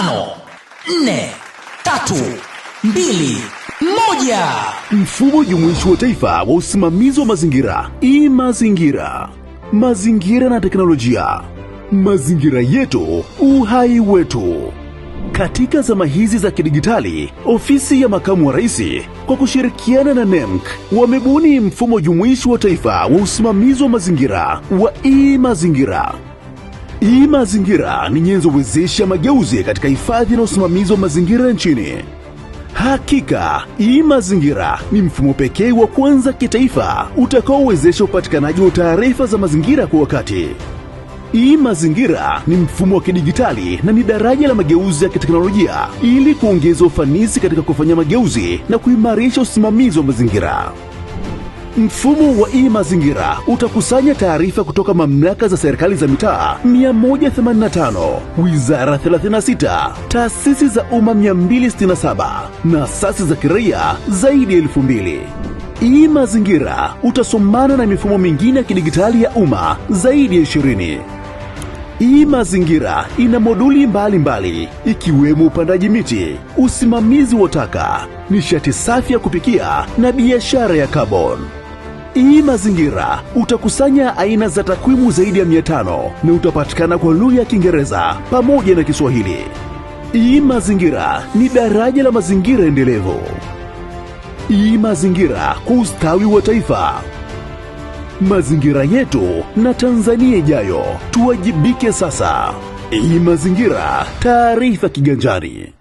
tano nne tatu mbili moja. Mfumo jumuishi wa taifa wa usimamizi wa mazingira i mazingira mazingira na teknolojia, mazingira yetu, uhai wetu. Katika zama hizi za kidigitali, ofisi ya makamu wa raisi kwa kushirikiana na NEMC wamebuni mfumo jumuishi wa taifa wa usimamizi wa mazingira wa i mazingira hii mazingira ni nyenzo wezeshi ya mageuzi katika hifadhi na usimamizi wa mazingira nchini. Hakika hii mazingira ni mfumo pekee wa kwanza kitaifa utakaowezesha upatikanaji wa taarifa za mazingira kwa wakati. Hii mazingira ni mfumo wa kidijitali na ni daraja la mageuzi ya kiteknolojia ili kuongeza ufanisi katika kufanya mageuzi na kuimarisha usimamizi wa mazingira. Mfumo wa e-mazingira utakusanya taarifa kutoka mamlaka za serikali za mitaa 185, wizara 36, taasisi za umma 267 na asasi za kiraia zaidi ya elfu mbili. Hii mazingira utasomana na mifumo mingine ya kidigitali ya umma zaidi ya 20 Hii mazingira ina moduli mbalimbali ikiwemo upandaji miti, usimamizi wa taka, nishati safi ya kupikia na biashara ya kaboni hii mazingira utakusanya aina za takwimu zaidi ya 500 na utapatikana kwa lugha ya Kiingereza pamoja na Kiswahili. Hii mazingira ni daraja la mazingira endelevu. Hii mazingira kwa ustawi wa taifa, mazingira yetu na Tanzania ijayo. Tuwajibike sasa. Hii mazingira, taarifa kiganjani.